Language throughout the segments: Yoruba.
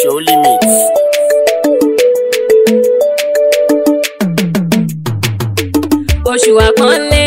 Show limits. Oṣù àpọ́nlé.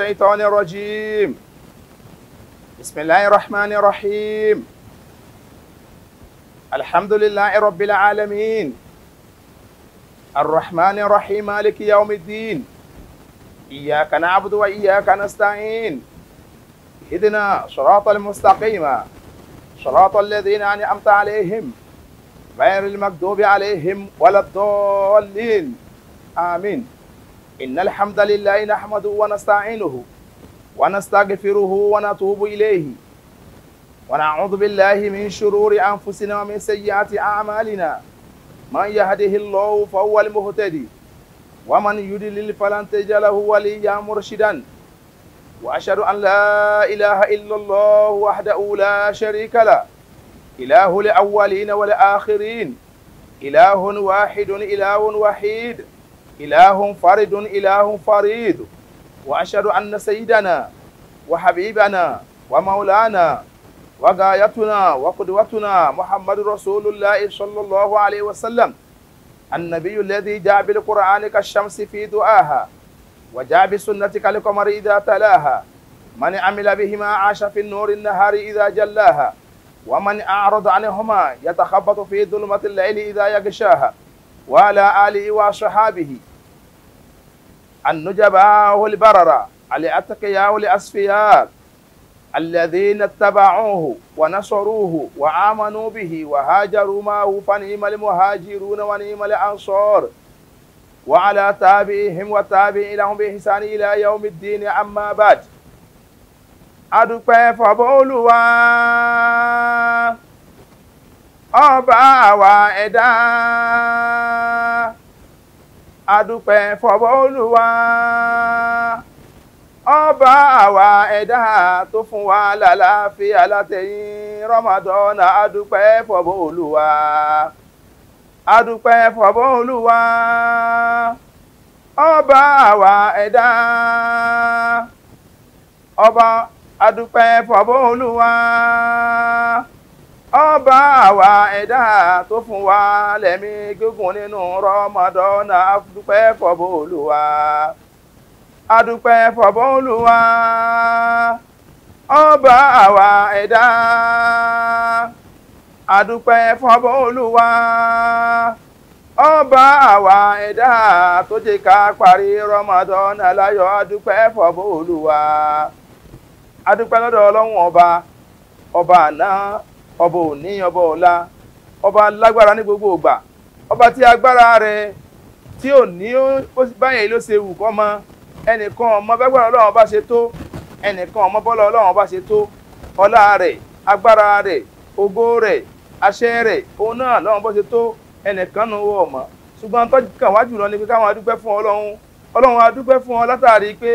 الشيطان الرجيم بسم الله الرحمن الرحيم الحمد لله رب العالمين الرحمن الرحيم مالك يوم الدين إياك نعبد وإياك نستعين اهدنا صراط المستقيم صراط الذين أنعمت عليهم غير المكذوب عليهم ولا الضالين آمين إن الحمد لله نحمده ونستعينه ونستغفره ونتوب إليه ونعوذ بالله من شرور أنفسنا ومن سيئات أعمالنا من يهده الله فهو المهتدي ومن يدلل فلن تجد له وليا مرشدا وأشهد أن لا إله إلا الله وحده لا شريك له إله الأولين والآخرين إله واحد إله وحيد إله فرد إله فريد وأشهد أن سيدنا وحبيبنا ومولانا وغايتنا وقدوتنا محمد رسول الله صلى الله عليه وسلم النبي الذي جاء بالقرآن كالشمس في دعاها وجاء بالسنة كالقمر إذا تلاها من عمل بهما عاش في النور النهار إذا جلاها ومن أعرض عنهما يتخبط في ظلمة الليل إذا يغشاها وعلى آله وصحابه النجباء آه البررة الأتقياء الأصفياء الذين اتبعوه ونصروه وآمنوا به وهاجروا معه فنعم المهاجرون ونعم الأنصار وعلى تابعهم وتابعين لهم بإحسان إلى يوم الدين أما بعد أدوك فبولوا ọba àwa ẹ̀dá adúpẹ́ fọwọ́ olúwa ọba àwa ẹ̀dá tó fún wa lálàáfíà látẹ̀yìn ramadan adúpẹ́ fọwọ́ olúwa adúpẹ́ fọwọ́ olúwa ọba àwa ẹ̀dá ọba adúpẹ́ fọwọ́ olúwa. ọba àwa ẹ̀dá tó fún wa lẹ́mí gígùn nínú rọmọdọ́nà adúpẹ́ fọ̀bọ̀ olúwa adúpẹ́ fọ̀bọ̀ ọba àwa ẹ̀dá fọ̀bọ̀ ọba àwa ẹ̀dá tó ká parí rọmọdọ́nà láyọ̀ fọ̀bọ̀ lọ́dọ̀ ọlọ́run ọba ọba àná ọba òní ọba ọ̀la ọba lágbára ní gbogbo ìgbà ọba tí agbára rẹ̀ tí ò ní báyẹn ló ṣe wù kọ́ mọ ẹnìkan ọmọ bágbára ọlọ́run bá ṣe tó ẹnìkan ọmọ bọ́lá ọlọ́run bá ṣe tó ọlá rẹ, agbára rẹ ògo rẹ aṣẹ rẹ òun náà lọ́run bó ṣe tó ẹnìkan fún ọlọ́run ọlọ́run fún ọ látàrí pé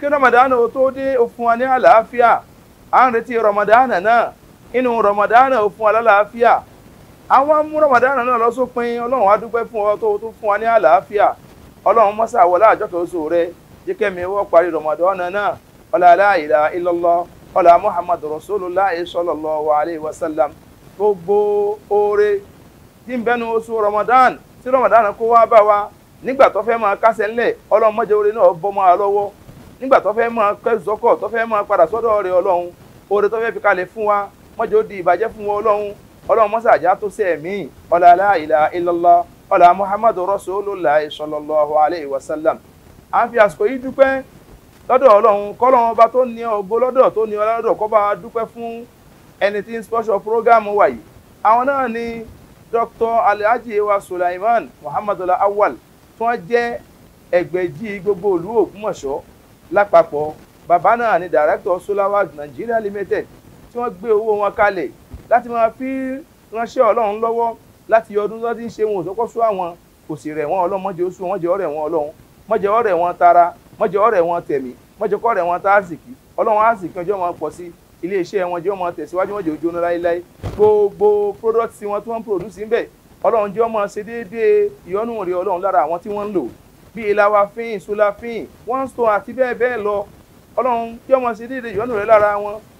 kí ramadan tó dé inú ramadana ó fún afia lálàáfíà àwọn mú ramadana náà lọ sópin ọlọ́run á fún ọ tó tó fún wa ní àlàáfíà ọlọ́run mọ́sà wọlé àjọkẹ́ oṣù rẹ jíkẹ́mi wọ́n parí ramadana náà ọlá la ilaha illallah ọlá muhammad wa sallam gbogbo oore tí ń bẹnu oṣù ramadan tí ramadan kó wá bá wa nígbà tó fẹ́ máa kásẹ̀ ńlẹ̀ ọlọ́run mọ́jẹ oore náà bọ́ máa lọ́wọ́ nígbà tó mọ́jọ́ di ìbàjẹ́ fún wọn ọlọ́run ọlọ́run mọ́sàájá tó sẹ́ẹ̀ mí ọ̀là aláìlá ilọ́lá ọ̀là muhammadu rasulullah sallallahu alayhi wa sallam à ń fi àsìkò yìí dúpẹ́ lọ́dọ̀ ọlọ́run kọ́lọ́run ọba tó ní ògo lọ́dọ̀ tó ní ọlọ́dọ̀ kọ́ bá dúpẹ́ fún ẹni tí ń spọ́ṣọ prógámù wa yìí àwọn náà ni dr alhaji ewa sulaiman muhammadu awal tí wọ́n jẹ́ ẹgbẹ̀jì gbogbo ìlú ògbómọ̀ṣọ́ lápapọ̀ bàbá náà ni dàrẹ́tọ̀ solawa nigeria limited tí wọ́n gbé owó wọn kalẹ̀ láti máa fi ránṣẹ́ ọlọ́run lọ́wọ́ láti ọdún tó ti ń ṣe wọn òsókọ́ sú àwọn kò sì rẹ̀ wọn ọlọ́run mọ́jẹ́ oṣù wọn jẹ́ ọ̀rẹ́ wọn ọlọ́run mọ́jẹ́ ọ̀rẹ́ wọn tara mọ́jẹ́ ọ̀rẹ́ wọn tẹ̀mí mọ́jẹ́ kọ́rẹ́ wọn táàsìkì ọlọ́run àsìkì ọjọ́ wọn pọ̀ sí ilé iṣẹ́ wọn jẹ́ ọmọ tẹ̀síwájú wọn jẹ́ ojú ọ̀nà láéláé gbogbo product tí wọ́n tí wọ́n ń produce ń bẹ̀ ọlọ́run jẹ́ ọmọ ṣe déédéé ìyọ́nú rẹ̀ ọlọ́run lára àwọn tí wọ́n ń lò bí ìlàwàfín ìsúláfín one stone àti bẹ́ẹ̀ bẹ́ẹ̀ lọ ọlọ́run jẹ́ ọmọ ṣe déédéé ìyọ́nú rẹ̀ lára wọn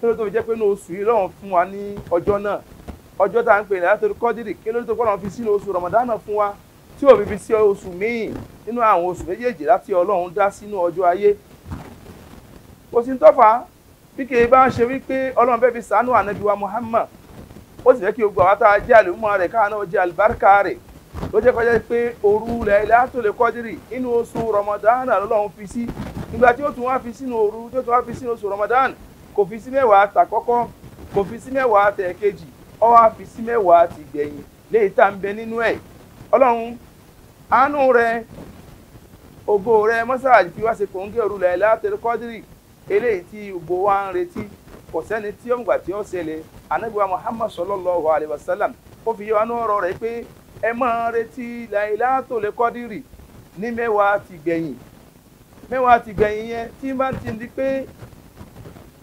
kí ló tó fi jẹ́ pé ní oṣù yìí lọ́run fún wa ní ọjọ́ náà ọjọ́ tá à ń pè ní látòrí kọ́dírì kí ló tó kọ́ràn fi sínú oṣù rọ̀mọ̀dánà fún wa tí ò fi fi sí oṣù míì nínú àwọn oṣù méjèèjì láti ọlọ́run dá sínú ọjọ́ ayé kò sí tọ́fà bí ṣe wípé ọlọ́run fẹ́ fi sànú ànábi wa Muhammad ó sì fẹ́ kí a jẹ́ àlùmọ́ rẹ̀ káà jẹ́ àlùbáríkà rẹ̀ ló jẹ́ kọjá kò fi sí mẹ́wàá tàkọ́kọ́ kò fi sí mẹ́wàá ta ẹ̀kejì wá fi sí mẹ́wàá ti gbẹ̀yìn léyìí tá ń bẹ nínú ẹ̀ ọlọ́run àánú rẹ ògo rẹ mọ́sáàjì fi wá ṣe kòńgẹ́ òru látẹ̀rẹ́ kọ́dírì eléyìí tí ògbó wa ń retí kò muhammad wa salam ó fi rẹ pé ẹ máa retí ní mẹ́wàá ti gbẹ̀yìn mẹ́wàá ti gbẹ̀yìn ti di pé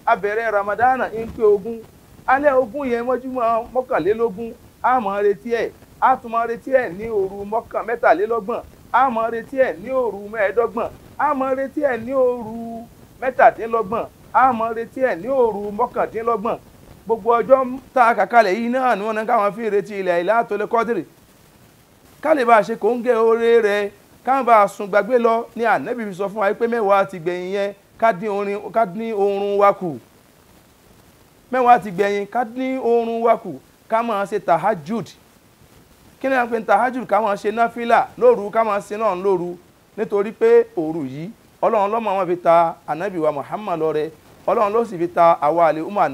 a ramadana ń pé ogún alẹ́ ogún yẹn mọ́júmọ́ mọ́kànlélógún a retí ẹ̀ a tún retí ẹ̀ ní òru mọ́kàn mẹ́tàlélọ́gbọ̀n retí ẹ̀ ní òru mẹ́ẹ̀ẹ́dọ́gbọ̀n a retí ẹ̀ ní òru mẹ́tàdínlọ́gbọ̀n retí ẹ̀ ní òru mọ́kàndínlọ́gbọ̀n gbogbo ọjọ́ tá a kà kalẹ̀ yìí náà ni wọ́n ní káwọn fi retí ilẹ̀ kọ́dìrì kálí bá a ṣe kò ń gé sùn gbàgbé lọ ni ká dín oorun wa kù mẹ́wàá ti gbẹ̀yìn ká dín oorun wa kù ká máa ṣe tahajud kí ni pè ní tahajud ká máa ṣe náfìlà lóru ká máa ṣe náà lóru nítorí pé òru yìí ọlọ́run ló máa fi ta ànábì wa Muhammad lọ́rẹ ọlọ́run ló sì fi ta àwa àlè umar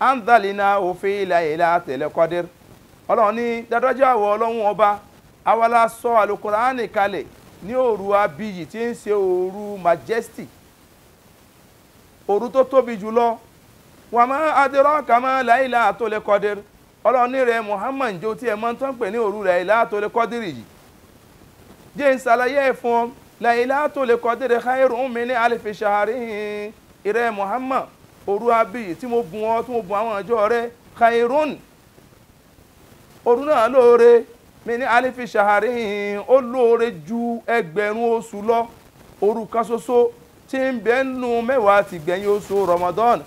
anzalina òfin ilà ìlà tẹ̀lẹ́kọ́dẹ́rì ọlọ́run ní dádájọ́ àwọ̀ ọlọ́run ọba awala sọ àlùkùránì kalẹ̀ ní òru abiyì tí ń ṣe òru majesty òru tó tóbi jùlọ wàmọ́ adérọ́ọ̀kà mọ́ láìlà àtòlẹ́kọ́dẹ́rì ọlọ́run ní rẹ̀ Muhammad njó tí ẹ̀ mọ́ tán pè ní òru rẹ̀ ìlà àtòlẹ́kọ́dẹ́rì yìí jẹ́ ń ṣàlàyé ẹ̀ fún ọ láìlà àtòlẹ́kọ́dẹ́rì khairu min alfi shahrihi ìrẹ́ Muhammad òru abiy tí mo bùn ọ tí mo bùn àwọn àjọ rẹ khairun òru náà lóore mi ní alifi sahari ó lóore ju ẹgbẹ̀rún oṣù lọ òru kan ṣoṣo tí ń bẹ nù mẹ́wàá ti gbẹ̀yìn oṣù Ramadan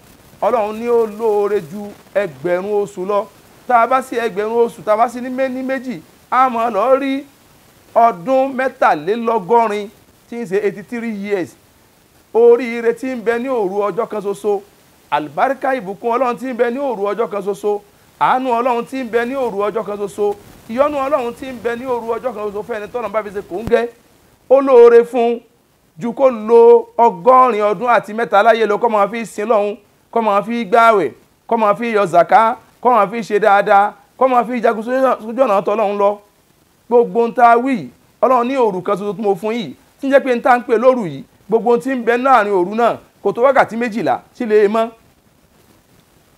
ọlọ́run ní ó lóore ju ẹgbẹ̀rún oṣù lọ tá a bá sí ẹgbẹ̀rún oṣù tá a bá sí ní méní méjì a mọ̀ lọ rí ọdún mẹ́tàlélọ́gọ́rin tí ń ṣe eighty three years oríire tí ń bẹ ní òru ọjọ́ kan ṣoṣo àlùbáríkà ìbùkún ọlọ́run tí ń bẹ ní òru ọjọ́ kan ṣoṣo àánú ọlọ́run tí ń bẹ ní òru ọjọ́ kan ṣoṣo ìyọ́nú ọlọ́run tí ń bẹ ní òru ọjọ́ kan ṣoṣo fẹ́ni tọ́nà bá fi ṣe kò ń gẹ́ ó lóore fún ju kó lo ọgọ́rin ọdún àti mẹ́ta láyé lọ kó máa fi sin lọ́hún kó máa fi gbáwẹ̀ kó máa fi yọ zàká kó máa fi ṣe dáadáa kó máa fi jagun sójú ọ̀nà ọ̀tọ̀ ọlọ́run lọ gbogbo ń ta wí ọlọ́run ní òru kan ṣoṣo tó mo fún yìí tí ń jẹ́ pé ń ta ń pè lóru yìí gbogbo ohun tí ń bẹ láàrin òru náà kò tó wákàtí méjìlá sílé mọ́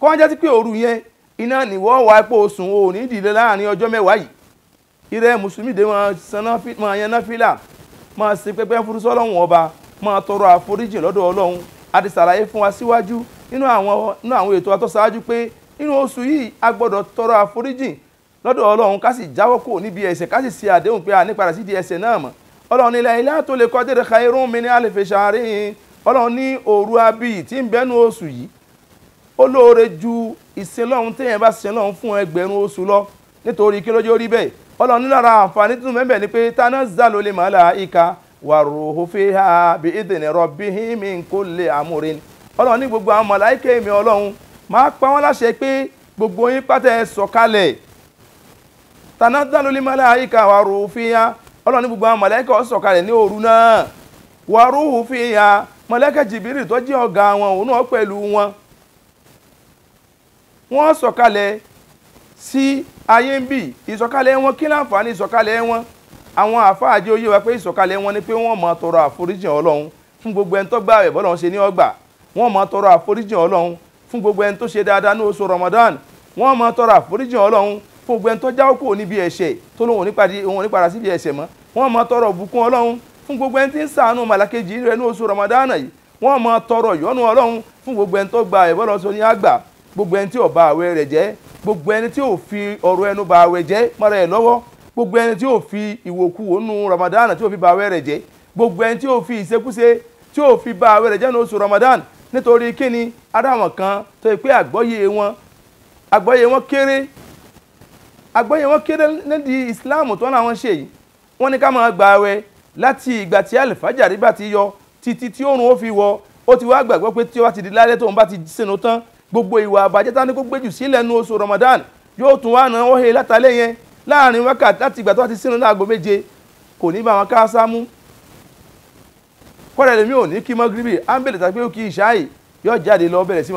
kọ́ jẹ́ sí pé òru yẹn iná nìwọ́ wà pé o sùn o ní ìdílé láàrin ọjọ́ mẹ́wàá yìí ìrẹ́ mùsùlùmí dé máa sanná máa yan náfìlà máa ṣe pẹ́pẹ́ fúrúsọ ọlọ́run ọba máa tọrọ àforíjì lọ́dọ̀ ọlọ́run a ti ṣàlàyé fún wa síwájú nínú àwọn nínú àwọn ètò àtọ́sáájú pé nínú oṣù yìí a gbọ́dọ̀ tọrọ àforíjì lọ́dọ̀ ọlọ́run ká sì jáwọ́ kò níbi ẹ̀ṣẹ̀ ká sì ṣe àdéhùn pé a nípadà sí di ẹ̀ṣẹ̀ náà mọ́ ọlọ́run ilẹ̀ ilé àtòlẹ́kọ́ ọlọ́run ní òru abíyì tí ń bẹ́nu oṣù yìí ó lóore ju ìsinlọ́run téèyàn bá sin lọ́run fún ẹgbẹ̀rún oṣù lọ nítorí kí lójó rí bẹ́ẹ̀ ọlọ́run nínú ara àǹfààní tuntun mẹ́bẹ̀ ni pé bi idhni rabbihim min kulli amrin ọlọ́run ní gbogbo àwọn màláìkà èmi ọlọ́run máa pa wọ́n láṣẹ gbogbo yín ọlọ́run ní gbogbo àwọn mọ̀lẹ́kà jìbìrì tó jẹ́ ọ̀gá wọn òun náà pẹ̀lú wọn wọ́n sọ̀kalẹ̀ sí ayé ń bì ìsọ̀kalẹ̀ wọn kí láǹfààní ìsọ̀kalẹ̀ wọn àwọn àfáàjẹ́ oyé wa pé ìsọ̀kalẹ̀ wọn ni pé wọ́n máa tọrọ àforíjì ọlọ́run fún gbogbo ẹni tó gbà rẹ̀ bọ́lọ́run ṣe ní ọgbà wọ́n máa tọrọ àforíjì ọlọ́run fún gbogbo ẹni tó ṣe dáadáa ní oṣù Ramadan wọ́n máa tọrọ àforíjì ọlọ́run fún gbogbo ẹni tó jáwọ́ kúrò níbi ẹ̀ṣẹ̀ tó lóun ò ní padà síbi ẹ̀ṣẹ̀ mọ́ wọ́n máa tọrọ bùkún ọlọ́run fún gbogbo ẹni tí ń sàánú màlàkejì rẹ̀ ní oṣù Ramadan yìí wọ́n máa tọrọ ìyọ́nú Ọlọ́run fún gbogbo ẹni tó gba ẹ̀bọ́n lọ́sọ ní àgbà gbogbo ẹni tí ò ba àwẹ̀ rẹ̀ jẹ́ gbogbo ẹni tí ò fi ọ̀rọ̀ ẹnu ba àwẹ̀ jẹ́ mọ́ra ẹ̀ lọ́wọ́ gbogbo ẹni tí ò fi ìwòkuwò nù Ramadan tí ò fi ba àwẹ̀ rẹ̀ jẹ́ gbogbo ẹni tí ò fi ìṣekúṣe tí ò fi ba àwẹ̀ rẹ̀ jẹ́ ní oṣù Ramadan nítorí kíni adáwọn kan tó yẹ pé àgbọ́yé wọn àgbọ́yé wọn kéré àgbọ́yé wọn kéré nídìí Islam tó ń làwọn ṣe yìí wọ́n ní ká máa gba àwẹ̀ láti ìgbà tí àlìfájàrí bá ti yọ títí tí oòrùn ó fi wọ ó ti wá gbàgbọ́ pé tí ó bá ti di lálẹ́ tóun bá ti sínú tán gbogbo ìwà àbàjẹ́ tán ni kó gbéjù sílẹ̀ nu oṣù Ramadan yóò tún wá náà wọ́n he látàlẹ́ yẹn láàrin wákàtí láti ìgbà tó bá ti sínú láago méje kò ní bá wọn ká sámú kọ́ra ẹlẹ́mi ò ní kí mọ́gíríbì ámbẹ̀lì tàbí kí ìṣáì yóò jáde lọ bẹ̀rẹ̀ sí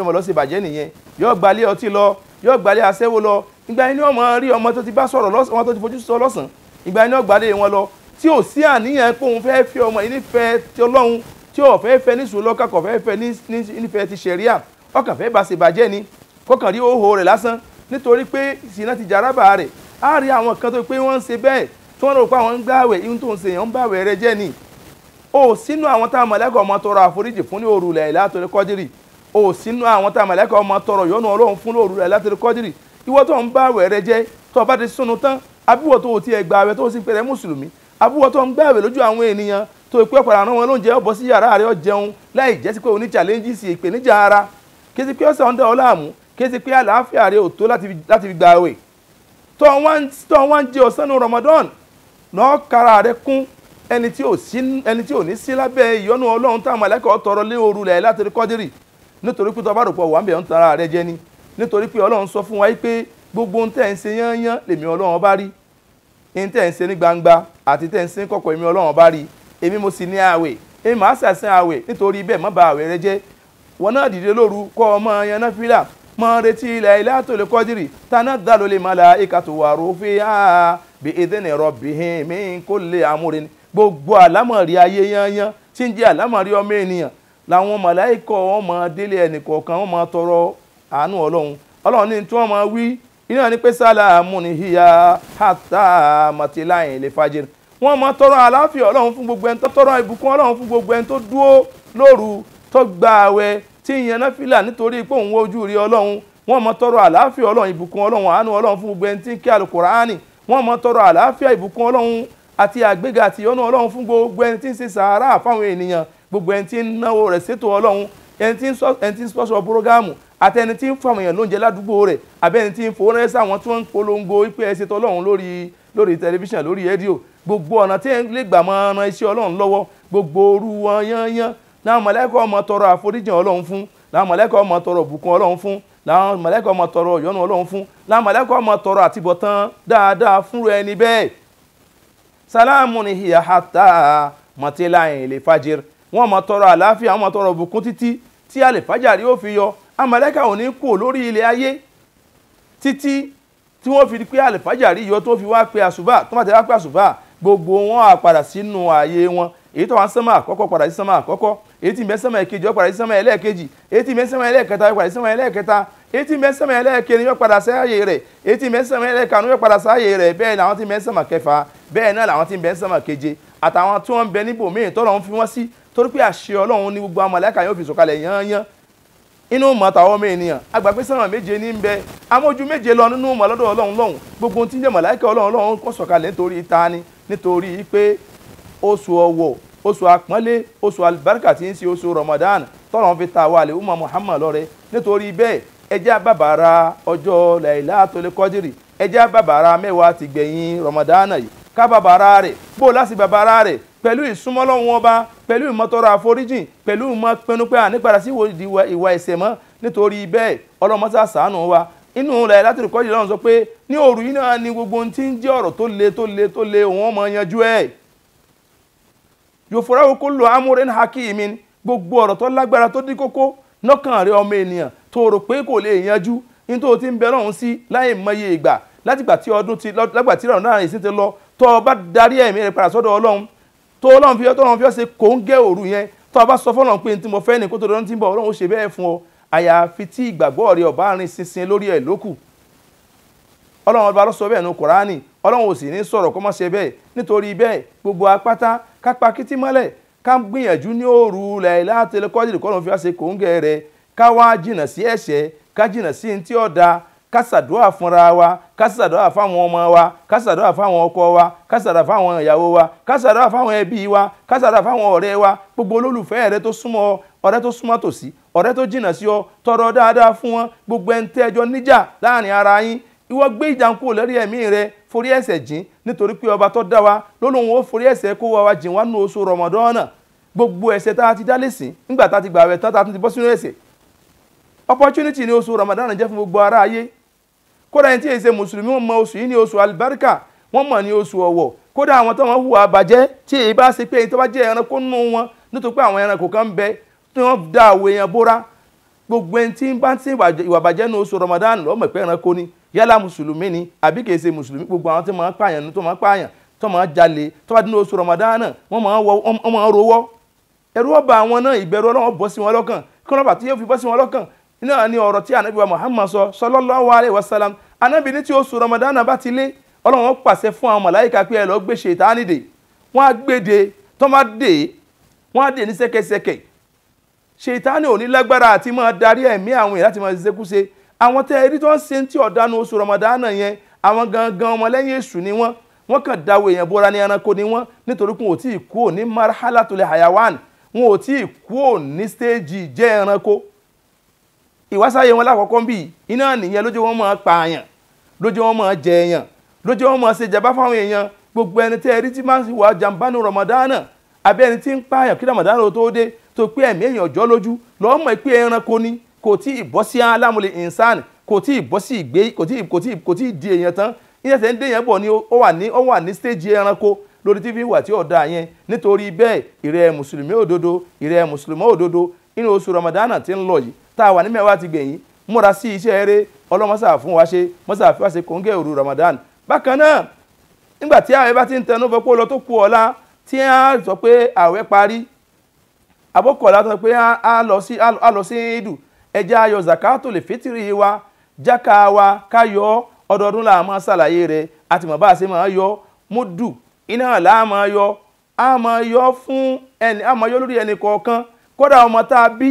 ọmọ lọ́sẹ̀ bàjẹ́ nìyẹn yóò gbalẹ̀ ọtí lọ yóò gbalẹ̀ aṣẹ́wó lọ ìgbà yẹn ni ọmọ rí ọmọ tó ti bá sọ̀rọ̀ ọmọ tó ti fojú sọ lọ́sàn ìgbà yẹn ni ọgbàlẹ̀ wọn lọ tí ò sí àníyàn pé òun fẹ́ẹ́ fẹ́ ọmọ yìí nífẹ̀ẹ́ ti ọlọ́run tí ò fẹ́ẹ́ fẹ́ níṣòro lọ́kàn kò fẹ́ẹ́ fẹ́ nífẹ̀ẹ́ ti ṣẹ̀ríà ọkàn fẹ́ẹ́ bá ṣe bàjẹ́ ni kọkàn rí òhò rẹ̀ lásán nítorí pé ìsìnà ti jaraba rẹ̀ á rí àwọn kan tó pé wọ́n ń ṣe bẹ́ẹ̀ tí wọ́n rò pé àwọn ń gbààwẹ̀ ihun tó ń ṣe èèyàn ń bàwẹ̀ rẹ̀ jẹ́ ni o sínú àwọn tá a mọ̀lẹ́kọ̀ ọmọ tọrọ àforíjì fún ní òru Lailatul Qadri o sínú àwọn tá a mọ̀lẹ́kọ̀ ọmọ tọrọ yọnu ọlọ́run fún ní òru Lailatul Qadri ìwọ tó ń bàwẹ̀ rẹ̀ jẹ́ tó o bá ti sunu tán abíwọ̀ tó o ti ẹ̀ gbààwẹ̀ tó o sì pẹ̀rẹ̀ mùsùlùmí abúwọ́ tó ń gbààwẹ̀ lójú àwọn ènìyàn tó ìpè ọ̀pọ̀ àrùn wọn lóúnjẹ ọ̀bọ̀ sí yàrá rẹ̀ ọ̀jẹun láì jẹ́ sí pé o ní challenges ìpèníjà ara kí sí pé ọ̀sẹ̀ ọ̀ndà ọ̀làmú kí sí pé àlàáfíà rẹ̀ ò tó láti fi gbààwẹ̀ tó wọ́n ń jẹ ọ̀sán ní Ramadan lọ́ọ́ kára rẹ̀ kún ẹni tí ò ní sí lábẹ́ ìyọ́nú Ọlọ́run táwọn mọ̀lẹ́kọ̀ọ́ tọrọ lé òru rẹ̀ látàrí kọ́dírì nítorí pé tọ́ba rògbò wà ń bẹ̀ ń tara rẹ̀ jẹ ni nítorí pé Ọlọ́run sọ fún wa pé gbogbo ohun tẹ́ ń ṣe yányán lèmi Ọlọ́run bá rí ní tẹ̀ ń ṣe ní gbangba àti tẹ̀ ń ṣe ní kọ̀kọ̀ èmi ọlọ́run bá rí èmi mo sì ní àwẹ̀ èmi màá ṣàṣìn àwẹ̀ nítorí bẹ́ẹ̀ má ba àwẹ̀ rẹ jẹ́ wọn náà dìde lóru kọ́ ọmọ yaná fílà mọ retí ilẹ̀ ilé àtòlè kọ́dìrì tánà dàló lè mala ìkàtò wà rófin á bí ìdẹ́nì rọ̀bìhìn mí kó lè amúrin gbogbo àlámọ̀rí ayé yányán tí ń jẹ́ àlámọ̀rí ọmọ ènìyàn làwọn màláìkọ̀ wọn máa délé ẹnì kọ̀ọ̀kan wọn máa tọrọ àánú ọlọ́run ọlọ́run ní tí wọ́n máa wí iná ni pé sálàmù ni híya hàtà màtíláyìn lè fàjẹ wọn máa tọrọ àlàáfíà ọlọ́run fún gbogbo ẹni tó tọrọ ìbùkún ọlọ́run fún gbogbo ẹni tó dúró lóru tó gba àwẹ̀ tí ìyẹn náà fìlà nítorí pé òun ojú rí ọlọ́run wọn máa tọrọ àlàáfíà ọlọ́run ìbùkún ọlọ́run àánú ọlọ́run fún gbogbo ẹni tí ń kí àlùkùránì wọn máa tọrọ àlàáfíà ìbùkún ọlọ́run àti àgbéga àti ìyọ́nú ọlọ́run àtẹni tí ń fún àwọn èèyàn lóúnjẹ ládùúgbò rẹ̀ àbẹ́ni tí ń fowó ránṣẹ́ sáwọn tí wọ́n ń polongo pé ẹ ṣe tọ́lọ́run lórí lórí tẹlifíṣàn lórí rédíò gbogbo ọ̀nà tí ẹ lè gbà máa ran iṣẹ́ ọlọ́run lọ́wọ́ gbogbo orú wọn yányán láwọn mọ̀lẹ́kọ̀ ọmọ tọrọ àforíjìn ọlọ́run fún láwọn mọ̀lẹ́kọ̀ ọmọ tọrọ bùkún ọlọ́run fún láwọn mọ̀lẹ́kọ̀ ọmọ tọrọ ìyọ́nú ọlọ́run fún láwọn mọ̀lẹ́kọ̀ ọmọ tọrọ àtibọ̀tán dáadáa fúnra ẹni bẹ́ẹ̀ sálámù ni hiya hata mọ̀tẹ́lá ẹ̀ lè fàjẹr wọ́n mọ̀ tọrọ àlàáfíà wọ́n mọ̀ tọrọ bùkún títí tí àlè fàjàrí ó fi yọ amọ̀lẹ́kà ò ní kú lórí ilẹ̀ ayé títí tí wọ́n fi pé àlùfájàrí yọ tó fi wá pé àṣùbà tó má ti wá pé àṣùbà gbogbo wọn á padà sínú ààyè wọn èyí tó wà ń sánmà àkọ́kọ́ padà sí sánmà àkọ́kọ́ èyí tí ń bẹ sánmà èkejì ó padà sí sánmà ẹlẹ́ẹ̀kejì èyí tí ń bẹ sánmà ẹlẹ́ẹ̀kẹta ó padà sí sánmà ẹlẹ́ẹ̀kẹta èyí tí ń bẹ sánmà ẹlẹ́ẹ̀kẹrin ó padà sáàyè rẹ̀ èyí tí ń bẹ sánmà ẹlẹ́ẹ̀kanu ó padà sáàyè rẹ̀ bẹ́ẹ̀ làwọn tí ń bẹ sánmà kẹfà bẹ́ẹ̀ náà làwọn tí ń bẹ sánmà keje àtàwọn tí wọ́n ń bẹ níbòmíì tọ́lọ́run fi wọ́n sí torí pé àṣẹ Ọlọ́run ní gbogbo àwọn màláíkà yóò fi sọ̀kalẹ̀ yán yán inú mọ̀ àtàwọn ọmọ ènìyàn agbàgbé sánmà méje ní ń bẹ amójú méje lọ nínú mọ̀ lọ́dọ̀ ọlọ́run lọ́hùn gbogbo ohun tí ń jẹ́ màláìkà ọlọ́run lọ́hùn kò sọ̀kalẹ̀ nítorí ta ni nítorí pé oṣù ọ̀wọ̀ oṣù àpọ́nlé oṣù alibarika tí ń ṣe oṣù Ramadan tọrọ fi ta àwa àlè umar Muhammad lọ́rẹ nítorí bẹ́ẹ̀ ẹjẹ́ àbàbàrà ọjọ́ Lailatul Qadri ẹjẹ́ àbàbàrà mẹ́wàá ti gbẹ̀yìn Ramadan yìí ká babara rẹ̀ bó láti babara rẹ̀ pẹ̀lú ìsúnmọ́ Ọlọ́run ọba pẹ̀lú ìmọ̀tọrọ àforíjìn pẹ̀lú ìmọ̀ pẹnupẹ́ ànípadà sí ìwà ẹ̀ṣẹ̀ mọ́ nítorí bẹ́ẹ̀ ọlọ́mọṣà ṣàánú wa inú rẹ̀ láti rìkọ́ yìí lọ́run sọ pé ní òru yìí náà ni gbogbo ohun tí ń jẹ́ ọ̀rọ̀ tó le tó le tó le òun ọmọ yanjú ẹ̀ yòfòrò àwòkọ́ lọ amúrin hakimin gbogbo ọ̀rọ̀ tó lágbára tó dí kókó lọ́kàn rẹ̀ ọmọ ènìyàn tó rò pé kò lè yanjú ní tó ti ń bẹ lọ́run sí láì mọye ìgbà látìgbà tí ọdún ti lágbàtí ọ̀rọ̀ náà ìsìn ti lọ tó o bá darí ẹ̀mí rẹ̀ padà sọ́dọ̀ ọlọ́run tó ọlọ́run fi ọ́ tọ́lọ́run fi ọ́ ṣe kò ń gẹ́ òru yẹn tó bá sọ fọ́lọ́run pé tí mo fẹ́ kó tó ń bọ̀ fún ọ àyàfi tí ìgbàgbọ́ rẹ rìn sinsin lórí ẹ̀ lókù ọlọ́run ọba ló sọ bẹ́ẹ̀ nu nítorí bẹ́ẹ̀ gbogbo apáta kápá mọ́lẹ̀ ká gbìyànjú ní òru ká ṣàdúrà fúnra wa ká fáwọn ọmọ wa ká ṣàdúrà fáwọn ọkọ wa ká ṣàdúrà fáwọn ìyàwó wa ká ṣàdúrà fáwọn ẹbí wa ká ṣàdúrà fáwọn ọ̀rẹ́ wa gbogbo olólùfẹ́ rẹ tó súnmọ́ ọ ọ̀rẹ́ tó súnmọ́ tòsí ọ tọrọ dáadáa fún gbogbo ẹni tẹ́ ẹjọ́ níjà láàrin ara yín ìwọ gbé ìjà lórí ẹ̀mí rẹ forí jìn nítorí pé ọba tó dá wa lólóhùn ó forí ẹ̀ṣẹ̀ kó wa wa jìn wá nù oṣù gbogbo tá a ti dá lẹ́sìn nígbà tá gbà wẹ̀ tá a ti ni oṣù kódà ẹni tí èyí ṣe mùsùlùmí wọn mọ oṣù yìí ní oṣù alibarika wọn mọ ní oṣù ọ̀wọ̀ kódà àwọn tó wọn hùwà àbàjẹ́ tí èyí bá ṣe pé èyí tó bá jẹ́ ẹranko nù wọn nítorí pé àwọn ẹranko kan ń bẹ tí wọ́n da àwọ̀ èèyàn bóra gbogbo ẹni tí ń bá ti ìwà àbàjẹ́ ní oṣù Ramadan ló mọ̀ pé ẹranko ni yálà mùsùlùmí ni àbí kìí ṣe mùsùlùmí gbogbo àwọn tí wọ́n máa ń pààyàn ní tó máa ń pààyàn tó máa ń jalè tó bá dín ní oṣù Ramadan wọ́n máa ń rowọ́ ẹ̀rù ọba àwọn náà ìbẹ̀rù Ọlọ́run bọ́ sí wọn lọ́kàn kí wọ́n bá ti yóò fi bọ́ sí wọn lọ́kàn náà ni ọ̀rọ̀ tí Ànábì wa Muhammad sọ sallallahu alaihi wasallam anábì ní tí oṣù Ramadan bá ti lé ọlọ́run pàṣẹ fún àwọn màláìka pé ẹ lọ gbé ṣètánì dè wọ́n á gbéde tó má dè wọ́n á dè ní sẹ́kẹsẹ́kẹ̀ ṣètánì ò ní lágbára àti máa darí ẹ̀mí àwọn èèyàn láti máa ṣiṣẹ́kúṣe àwọn tẹ́ ẹrí tó ń ṣe tí ọ̀dánù oṣù Ramadan yẹn àwọn gangan ọmọlẹ́yìn èṣù ni wọ́n wọ́n kàn dáwọ́ èèyàn bóra ní ẹranko ni wọ́n nítorí pé wọn ò tí ì kúrò ní hayawan wọn ò tí ì kúrò ní stéèjì jẹ́ ẹranko ìwásáyé wọn lákọ̀ọ́kọ́ ń bì iná nìyẹn lójú wọn máa pa àyàn lójú wọn máa jẹ èèyàn lójú wọn máa ṣe jàmbá fáwọn èèyàn gbogbo ẹni tẹ́ ẹ rí tí máa ń wà jàmbánu rọmọdánà àbí ẹni tí ń pààyàn kí rọmọdánà ó tó dé tó pé ẹ̀mí èèyàn ọjọ́ lójú lọ́ọ́ mọ̀ pé ẹranko ni kò tí ì bọ́ sí alámúlẹ̀ ìnsán kò tí ì bọ́ sí ìgbé kò tí ì kò tí ì kò tí ì di èèyàn tán iye ń dé yẹn bọ̀ ni ó wà ní ó wà ní stéèjì ẹranko lórí tí fi wà tí ọ̀dà yẹn nítorí bẹ́ẹ̀ ìrẹ́ mùsùlùmí òdodo ìrẹ́ mùsùlùmí òdodo inú oṣù ramadana ti ń lọ yìí tá a wà ní mẹ́wàá ti gbẹ̀yìn múra sí iṣẹ́ eré ọlọ́mọsà fún wa ṣe mọ́sà fi wá ṣe kóńgẹ́ òru Ramadan bákan náà nígbà tí ààwẹ̀ bá ti ń tẹnu bọ́ pé ó lọ tó kú ọ̀la tí a sọ pé ààwẹ̀ parí abọ́kọ̀ọ́lá sọ pé a lọ sí ìdù ẹja ayọ̀ zakato lè fitiri wa jáka wa ká yọ ọdọọdún là máa ṣàlàyé rẹ̀ àti mọ̀ bá a ṣe máa yọ múdù iná là máa yọ a máa yọ fún ẹni a máa yọ lórí ẹnì kọ̀ọ̀kan kódà ọmọ tá a bí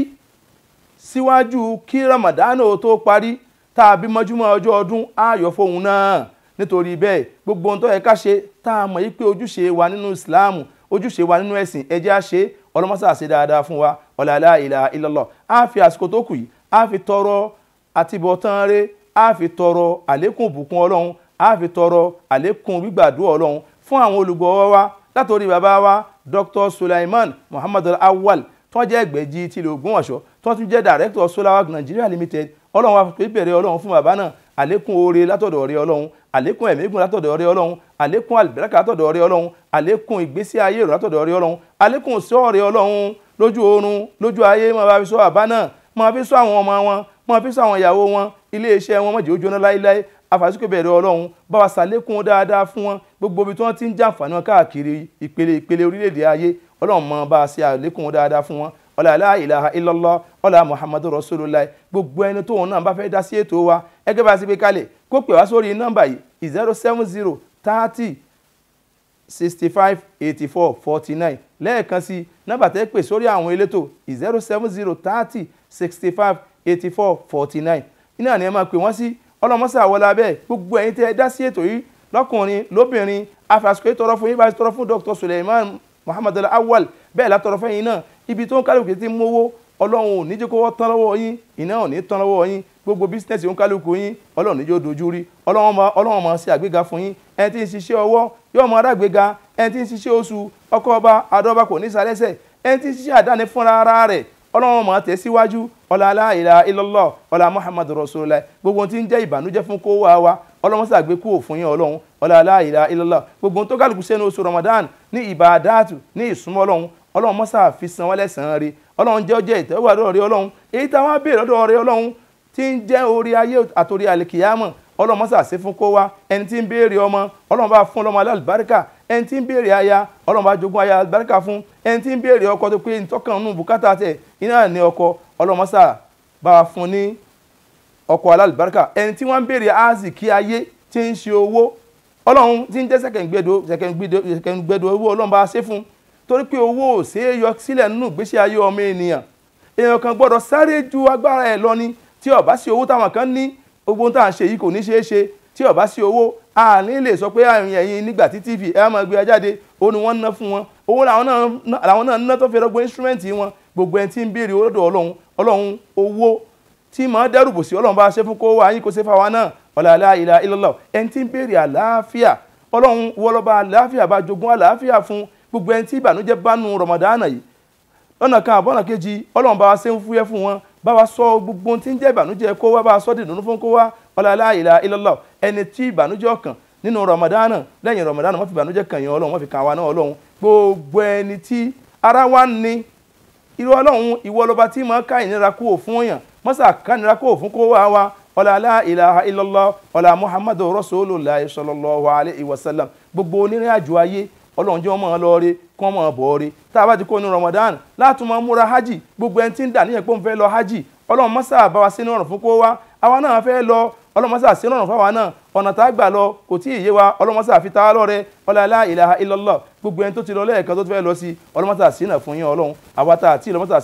síwájú kí Ramadan ó tó parí tá a bí mọ́júmọ́ ọjọ́ ọdún ayọ̀ fóun náà nítorí bẹ́ẹ̀ gbogbo ohun tó yẹ ká ṣe tá a mọ̀ yí pé ojúṣe wa nínú Islam ojúṣe wa nínú ẹ̀sìn ẹ jẹ́ á ṣe ọlọ́mọ́sà ṣe dáadáa fún wa ọ̀làlá ìlà ìlọ́lọ́ a fi àsìkò tó kù yìí a fi tọrọ àtibọ̀tán rẹ a fi tọrọ àlékún ìbùkún ọlọ́run a fi tọrọ àlékún gbígbàdúrà ọlọ́run fún àwọn olùgbọ̀wọ́ wa látòrí bàbá wa Dr. Sulaiman Muhammad Awal tó jẹ́ ẹgbẹ́jì tìlẹ̀ Ògbómọ̀ṣọ́ tó tún jẹ́ director Solarwac Nigeria Limited ọlọ́run wa pé bẹ̀rẹ̀ ọlọ́run fún bàbá náà àlékún oore látọ̀dọ̀ ọ̀rẹ́ ọlọ́run àlékún ẹ̀mẹ́gùn látọ̀dọ̀ ọ̀rẹ́ ọlọ́run àlékún àlùbẹ́rẹ́kà látọ̀dọ̀ ọ̀rẹ́ ọlọ́run àlékún ìgbésí ayé ìrọ̀ látọ̀dọ̀ ọ̀rẹ́ ọlọ́run àlékún sí ọ̀rẹ́ ọlọ́run lójú oorun lójú ayé máa bá fi sọ bàbá náà máa fi sọ àwọn ọmọ wọn máa fi sọ àwọn ìyàwó wọn iléeṣẹ́ wọn mọ̀jẹ̀ ó jóná láéláé àfàsíkò bẹ̀rẹ̀ ọlọ́run bá wa ṣàlékún dáadáa fún wọn gbogbo ibi tí wọ́n ti ń jàǹfààní wọn káàkiri ìpele ìpele orílẹ̀-èdè ayé ọlọ́run máa bá a ṣe àlékún dáadáa fún wọn ọlá la ilaha illallah ọlá muhammadu rasulullah gbogbo ẹni tó òun náà bá fẹ́ dá sí ètò wa ẹgẹ́ bá a ti fi kalẹ̀ kó pè wá sórí nọ́mbà yìí zero seven zero thirty sixty five eighty four forty nine lẹ́ẹ̀kan sí nọ́mbà tẹ́ pè sórí àwọn elétò zero seven zero thirty sixty five eighty four forty nine iná ni ẹ máa pè wọ́n sí ọlọ́mọ́sá wọlé abẹ́ gbogbo ẹ̀yin tẹ́ ẹ dá sí ètò yìí lọ́kùnrin lóbìnrin afasukẹ́ tọrọ fún yín bá tọrọ fún dr suleiman muhammadu awal bẹ́ẹ̀ látọrọ fún yín náà ibi tó ń kálukú ti mówó ọlọ́run ò ní jẹ́ kó wọ́n tán lọ́wọ́ yín iná ò ní tán lọ́wọ́ yín gbogbo bísínẹ́sì òun kálukú yín ọlọ́run níjó dojú rí ọlọ́run máa ṣe àgbéga fún yín ẹni tí ń ṣiṣẹ́ ọwọ́ yóò máa rágbéga ẹni tí ń ṣiṣẹ́ oṣù ọkọ ọba adọ́ba kò ní sálẹ́sẹ̀ ẹni tí ń ṣiṣẹ́ àdáni fúnra ara rẹ̀ ọlọ́run máa tẹ̀ síwájú ọlá aláìlá ilọ́lọ́ ọlá muhammadu rasulillah gbogbo ohun ọlọ́run mọ́sá fi san wọ́n lẹ́sàn-án rí ọlọ́run jẹ́ ọjẹ́ ìtẹ́wọ́ àdúrà rí ọlọ́run èyí táwọn á béèrè ọ̀dọ̀ rí ọlọ́run tí ń jẹ́ orí ayé àtòrí àlìkìyàmọ̀ ọlọ́run mọ́sá sí fún kó wa ẹni tí ń béèrè ọmọ ọlọ́run bá fún lọ́mọ alálùbáríkà ẹni tí ń béèrè aya ọlọ́run bá jogún aya alálùbáríkà fún ẹni tí ń béèrè ọkọ tó pé ntọ́kàn nù bùkátà tẹ̀ iná ní ọkọ ọlọ́run mọ́sá bá fún ní ọkọ alálùbáríkà ẹni tí wọ́n ń béèrè áàzì kí ayé tí ń ṣe owó ọlọ́run tí ń jẹ́ sẹ̀kẹ̀ǹgbẹ̀dọ̀ owó ọlọ́run bá ṣe fún torí pé owó ò ṣeé yọ sílẹ̀ nínú ìgbésí ayé ọmọ ènìyàn èèyàn kan gbọ́dọ̀ sáré ju agbára ẹ̀ lọ ni tí ó bá sí owó táwọn kan ní gbogbo tá à ń ṣe yìí kò ní ṣeé ṣe tí ó bá sí owó a ní lè sọ pé àrùn ẹ̀yìn nígbà tí tv ẹ̀ máa gbé jáde ó ní wọ́n ná fún wọn owó làwọn náà ná tó fi rọgbọ instrument wọn gbogbo ẹni tí ń béèrè olódò ọlọ́run ọlọ́run owó tí màá dẹ́rù bò sí ọlọ́run bá ṣe fún kó wá yín kó ṣe fáwa náà ọ̀làlá ìlà ìlọ́lọ́ ẹni tí ń béèrè àlàáfíà ọlọ́run wọlọ́ba àlàáfíà bá jogún àlàáfíà fún gbogbo ẹni tí ìbànújẹ́ bá nu rọmọdánà yìí lọ́nà kan àbọ̀nà kejì ọlọ́run bá wa ṣe ń fúyẹ́ fún wọn bá wa sọ gbogbo ohun tí ń jẹ́ ìbànújẹ́ kó wá bá wa sọ dìdùnú fún kó wá ọlọ́lá ìlà ilọ́lọ́ ẹni tí ìbànújẹ́ ọkàn nínú rọmọdánà lẹ́yìn rọmọdánà wọ́n fi ìbànújẹ́ kàn yín ọlọ́run wọ́n fi kàn wá náà ọlọ́run gbogbo ẹni tí ara wa ní irú ọlọ́run ìwọ lọba tí máa ká ìnira kú òfun èèyàn mọ́sà ká ìnira kú òfun kó wá wa ọlọ́lá ìlà ilọ́lọ́ ọlá muhammadu rasulullah sallallahu alaihi wasallam gbogbo onírìn àjò ayé ọlọ́run jẹ́ wọn máa lọ rí kí wọ́n máa bọ̀ rí tá a bá ti kó ní Ramadan láti máa múra hajj gbogbo ẹni tí ń dà níyẹn pé òun fẹ́ lọ hajj ọlọ́run mọ́sà bá wa sínú ọ̀rùn fún kó wá àwa náà fẹ́ lọ ọlọ́run mọ́sà sínú ọ̀rùn fáwa náà ọ̀nà tá a gbà lọ kò tí ì yé wa ọlọ́run mọ́sà fi tá a lọ rẹ ọlọ́lá ilaha illallah gbogbo ẹni tó ti lọ lẹ́ẹ̀kan tó fẹ́ lọ sí ọlọ́run mọ́sà sínú fún yín ọlọ́run àwa tá a ti ọlọ́run mọ́sà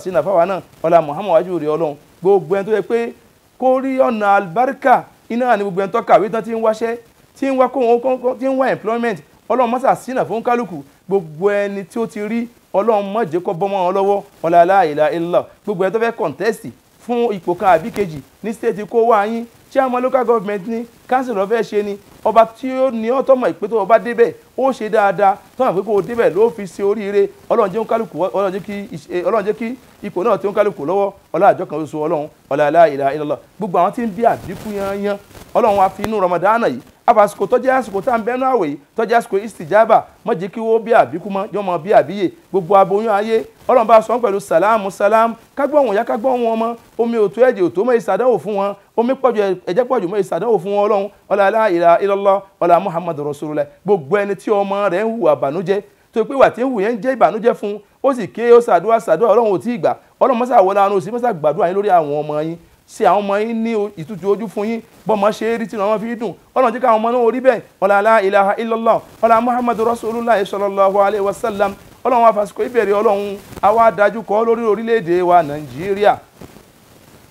sínú employment ọlọ́run mọ́sà sínà fún kálukú gbogbo ẹni tí ó ti rí ọlọ́run mọ́jẹ́ kọ́ bọ́ mọ́ wọn lọ́wọ́ ọ̀làlá ìlà ìlà gbogbo ẹni tó fẹ́ kọ̀ǹtẹ́sì fún ipò kan àbí kejì ní stéètì kó wá yín chairman local government ni council ló fẹ́ ṣe ni ọba tí ó ní ọtọ́ mọ̀ ìpé tó ọba débẹ̀ ó ṣe dáadáa tó hàn pé kó o débẹ̀ ló fi ṣe oríire ọlọ́run jẹ́ kálukú ọlọ́run jẹ́ kí ipò náà tí ó ń kálukú lọ́wọ́ ọlá àjọ kan ṣoṣo ọlọ́run ọlá la ilaha illallah gbogbo àwọn tí ń bí àbíkú yanyan ọlọ́run wa fi inú ramadana yìí àfàsìkò tó jẹ́ àsìkò tá à ń bẹ́nu àwẹ̀ yìí tó jẹ́ àsìkò istijaba má jẹ́ kí wọ́n bí àbíkú mọ́ yọ mọ́ bí àbíyè gbogbo aboyún ayé ọlọ́run bá sọ pẹ̀lú sàlámù sàlámù kágbọ́n wọn yá kágbọ́n wọn mọ́ omi òtó ẹ̀jẹ̀ òtó mọ́ ìsàdánwò fún wọn omi pọ̀jù ẹ̀jẹ̀ pọ̀jù mọ́ ìsàdánwò fún wọn ọlọ́run ọlá aláìlá ilọ́lọ́ ọlá muhammad rasulullah gbogbo ẹni tí ọmọ rẹ̀ ń hùwà bànújẹ́ tó pé wà tí ń hù yẹn ń jẹ́ ìbànújẹ́ fún ó sì ké ó ṣàdúrà ṣàdúrà ọlọ́run ò tí ì gbà ọlọ́run mọ́sá wọlé àánú sí mọ́sá gbàdúrà yín lórí àwọn ọmọ yín ṣe àwọn ọmọ yín ní ìtújú ojú fún yín bọ́mọ ṣe é rí tí wọ́n fi dùn ọlọ́run jẹ́ káwọn ọmọ náà rí bẹ́ẹ̀ ọlá alá ilaha illallah ọlá muhammad rasulullah sallallahu alayhi wa sallam ọlọ́run afasukọ ìbẹ̀rẹ̀ ọlọ́run àwa dájú kọ́ lórí orílẹ̀-èdè wa nàìjíríà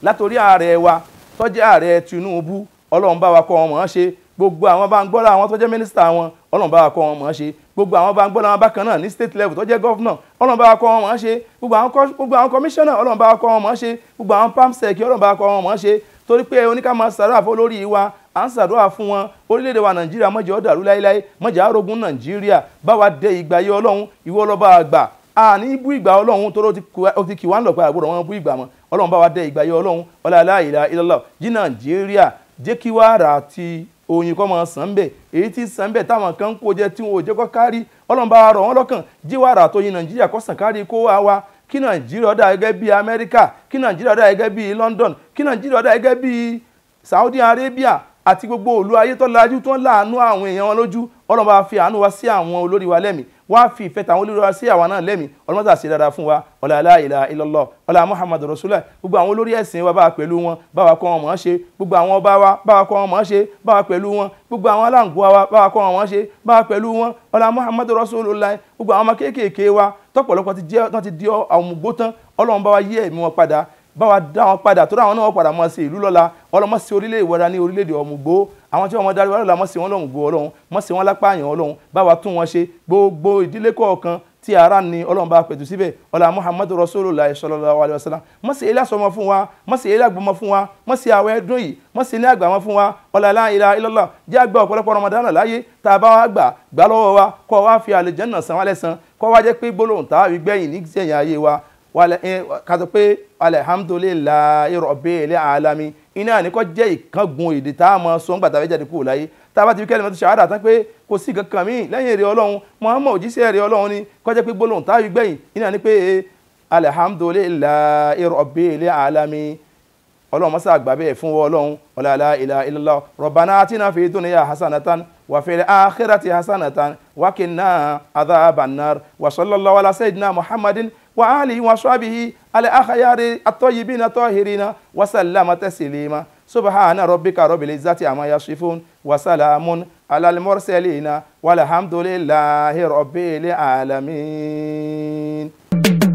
látòrí ààrẹ wa tó jẹ́ ààrẹ Tinubu ọlọ́run bá wa kọ́ wọn mọ̀ ọ́n ṣe gbogbo àwọn bá ń gbọ́ra àwọn tó jẹ́ mínísítà wọn ọlọ́run bá wa kọ́ wọn mọ̀ ọ́n ṣe gbogbo àwọn bá ń gbọ́ra wọn bákan náà ní state level tó jẹ́ gọ́fúnà ọlọ́run bá wa kọ́ wọn mọ̀ ọ́n ṣe gbogbo àwọn kọmíṣánná ọlọ́run bá wa kọ́ wọn mọ̀ ọ́n ṣe gbogbo àwọn pamsec ọlọ́run bá wa kọ́ wọn mọ̀ ọ́n ṣe torí pé oníkàmọ́ sàrà fún olórí wa à ń ṣàdúrà fún wọn orílẹ̀-èdè wa nàìjíríà mọ̀jẹ̀ ọ̀dàrú láéláé mọ̀jẹ̀ àrògùn nàìjíríà bá wa dé ìgbà yẹ ọlọ́run ìwọ lọ́ba àgbà àní bú ìgbà ọlọ́run tó ló ti kì wá ń lọ pé àgbọ̀dọ̀ wọn bú ìgbà mọ́ ọlọ́run bá wa dẹ ìgbà yọ ọlọ́run ọlá la ilaha illallah jí nàìjíríà jẹ́ kí wàrà àti oyin kọ́ máa sàn bẹ̀ èyí tí sàn bẹ̀ táwọn kan kó jẹ tí wọn ò jẹ́ kó kárí ọlọ́run bá wa rọ̀ wọ́n lọ́kàn jí wàrà àtọyin nàìjíríà kó sàn kárí kó wá wa kí nàìjíríà dà gẹ́gẹ́ bí amẹ́ríkà kí nàìjíríà dà gẹ́gẹ́ bí london kí nàìjíríà dà gẹ́gẹ́ bí saudi arabia àti gbogbo òlu ayé tó lajú tó ń láàánú àwọn èèyàn wọn lójú ọlọ́run bá fi àánú wa sí àwọn olórí wa lẹ́mìí wá fi ìfẹ́ tàwọn olórí wa sí àwa náà lẹ́mìí ọlọ́mọdà sí dáadáa fún wa ọ̀là la ilaha illallah ọ̀là muhammadu rasulullah gbogbo àwọn olórí ẹ̀sìn wa bá wa pẹ̀lú wọn bá wa kọ́ wọn mọ̀ ọ́n ṣe gbogbo àwọn ọba wa bá wa kọ́ wọn mọ̀ ọ́n ṣe bá wa pẹ̀lú wọn gbogbo àwọn aláǹgbọ́ wa bá wa kọ́ wọn mọ̀ ọ́n ṣe bá wa pẹ̀lú wọn ọ̀là muhammadu rasulullah gbogbo àwọn ọmọ kéékèèké wa tọ́pọ̀lọpọ̀ ti di ọmọ gbótán ọlọ́run bá wa bá wa dá wọn padà tó dáwọn náà wọ́n padà mọ̀ sí ìlú lọ́la ọlọ́mọ sí orílẹ̀ ìwọ́ra ní orílẹ̀-èdè ọ̀mùgbó àwọn tí wọ́n darí wa lọ́la mọ̀ sí wọn lọ́mùgbó ọlọ́run mọ̀ sí wọn lápá àyàn ọlọ́run bá wa tún wọn ṣe gbogbo ìdílé kọ̀ọ̀kan tí ara ni ọlọ́run bá pẹ̀tù síbẹ̀ ọ̀la muhammadu rasulullah sallallahu alayhi wa sallam mọ̀ sí ilé asọmọ fún wa mọ̀ sí ilé àgbọmọ fún wa mọ̀ sí àwẹ̀ ẹdún yìí mọ̀ sí ilé àgbàmọ fún wa ọ̀la la ilaha illallah jẹ́ àgbà ọ̀pọ̀lọpọ̀ ramadan láyé tá a bá wa gbà gbà lọ́wọ́ wa kọ́ wa fi àlùjánnà Eh, kàtó pé alhamdulillahi rabbil alamin iná àníkọ́ jẹ́ ìkángun èdè tá a mọ sọ ńgbà tá a fẹ́ jáde kúrò láyé tá a bá ti fi kalimatu shahada tán pé kò sí nǹkan míì lẹ́yìn èrè ọlọ́run Muhammad òjíṣẹ́ èrè ọlọ́run ni kọjá pé gbólóhùn táyì gbẹ̀yìn iná ni pé alhamdulillahi rabbil alamin ọlọ́run mọ́sá àgbà bẹ́ẹ̀ fún wọn ọlọ́run wala la ilaha illallah rabbana atina fi dunya hasanatan wa fil akhirati hasanatan wa qina adhaban nar wa sallallahu ala sayyidina muhammadin وآله وصحبه الأخيار الطيبين الطاهرين وسلم تسليما سبحان ربك رب العزة عما يصفون وسلام على المرسلين والحمد لله رب العالمين